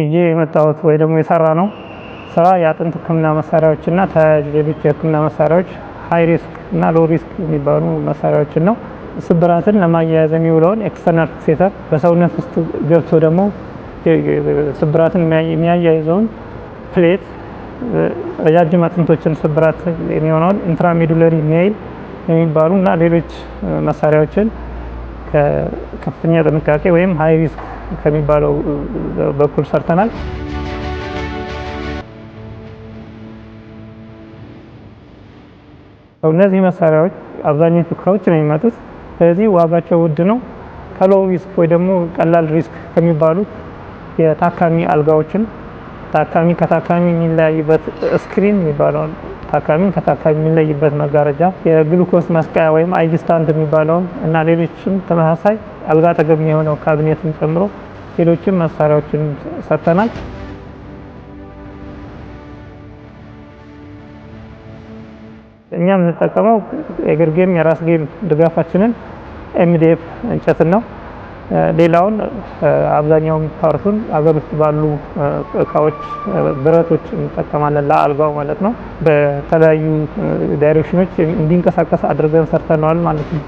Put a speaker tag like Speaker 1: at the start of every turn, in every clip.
Speaker 1: ይዤ የመጣሁት ወይ ደግሞ የሰራ ነው ስራ የአጥንት ህክምና መሳሪያዎችና እና ተያያዥ ሌሎች የሕክምና መሳሪያዎች ሀይ ሪስክ እና ሎ ሪስክ የሚባሉ መሳሪያዎችን ነው። ስብራትን ለማያያዝ የሚውለውን ኤክስተርናል ፊክሴተር በሰውነት ውስጥ ገብቶ ደግሞ ስብራትን የሚያያይዘውን ፕሌት፣ ረጃጅም አጥንቶችን ስብራት የሚሆነውን ኢንትራሜዱለሪ ሜይል የሚባሉ እና ሌሎች መሳሪያዎችን ከከፍተኛ ጥንቃቄ ወይም ሀይ ሪስክ ከሚባለው በኩል ሰርተናል። እነዚህ መሳሪያዎች አብዛኞቹ ከውጭ ነው የሚመጡት። ስለዚህ ዋጋቸው ውድ ነው። ከሎው ሪስክ ወይ ደግሞ ቀላል ሪስክ ከሚባሉት የታካሚ አልጋዎችን ታካሚ ከታካሚ የሚለያይበት ስክሪን የሚባለውን ታካሚ ከታካሚ የሚለይበት መጋረጃ፣ የግሉኮስ መስቀያ ወይም አይጂ ስታንድ የሚባለውን እና ሌሎችም ተመሳሳይ አልጋ ጠገብ የሆነው ካቢኔትን ጨምሮ ሌሎችም መሳሪያዎችን ሰጥተናል። እኛ የምንጠቀመው የራስ ጌም ድጋፋችንን ኤምዲኤፍ እንጨትን ነው። ሌላውን አብዛኛውን ፓርቱን አገር ውስጥ ባሉ እቃዎች ብረቶች እንጠቀማለን፣ ለአልጋው ማለት ነው። በተለያዩ ዳይሬክሽኖች እንዲንቀሳቀስ አድርገን ሰርተነዋል ማለት ነው።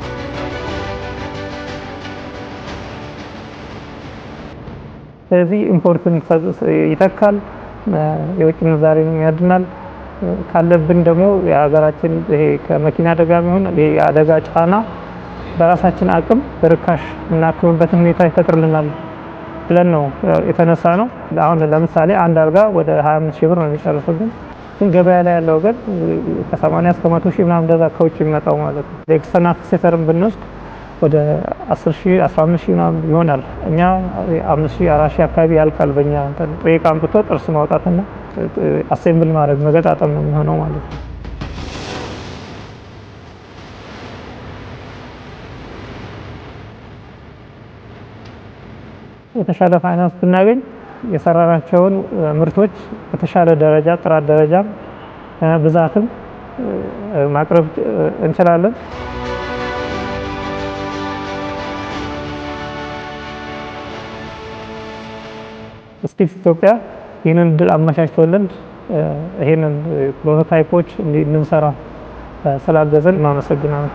Speaker 1: ስለዚህ ኢምፖርትን ይተካል፣ የውጭ ምንዛሬንም ያድናል። ካለብን ደግሞ የሀገራችን ከመኪና አደጋ የሚሆን የአደጋ ጫና በራሳችን አቅም በርካሽ የምናክምበትን ሁኔታ ይፈጥርልናል ብለን ነው የተነሳ ነው። አሁን ለምሳሌ አንድ አልጋ ወደ 25 ሺህ ብር ነው የሚጨርስብን፣ ግን ገበያ ላይ ያለው ግን ከ80 እስከ 100 ሺህ ምናምን ደዛ ከውጭ የሚመጣው ማለት ነው። የኤክስተርናል ሴተርን ብንወስድ ወደ 10 15 ምናምን ይሆናል። እኛ 5 ሺህ ሺህ አካባቢ ያልቃል። በእኛ ጥሬ ዕቃ አምጥቶ ጥርስ ማውጣትና አሴምብል ማድረግ መገጣጠም ነው የሚሆነው ማለት ነው። የተሻለ ፋይናንስ ብናገኝ የሰራናቸውን ምርቶች በተሻለ ደረጃ ጥራት ደረጃም ብዛትም ማቅረብ እንችላለን። ስቲት ኢትዮጵያ ይህንን እድል አመቻችቶልን ይህንን ፕሮቶታይፖች እንድንሰራ ስላገዘን እናመሰግናለን።